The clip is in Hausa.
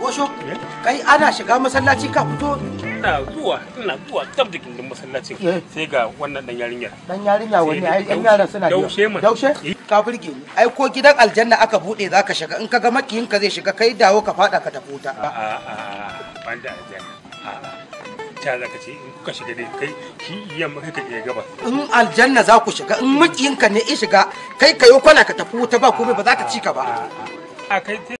Washo, kai ana shiga masallaci ka fito? Ina zuwa, ina zuwa gab da gindin masallacin eh. sai ga wannan dan yarinyar. Dan yarinya wani ai dan yaran suna da daushe mu. Daushe? Eh. Ka burge ni. Ai ko gidan aljanna aka bude zaka shiga in kaga makiyin ka zai shiga kai dawo ka fada ka tafi wuta. A'a a'a banda aljanna. A'a. ta za ce in kuka shiga dai kai shi yamma kai ka iya gaba in aljanna za ku shiga in makiyinka ne ya shiga kai ka yi kwana ka tafi wuta ba komai ba za ka ci ka ba a kai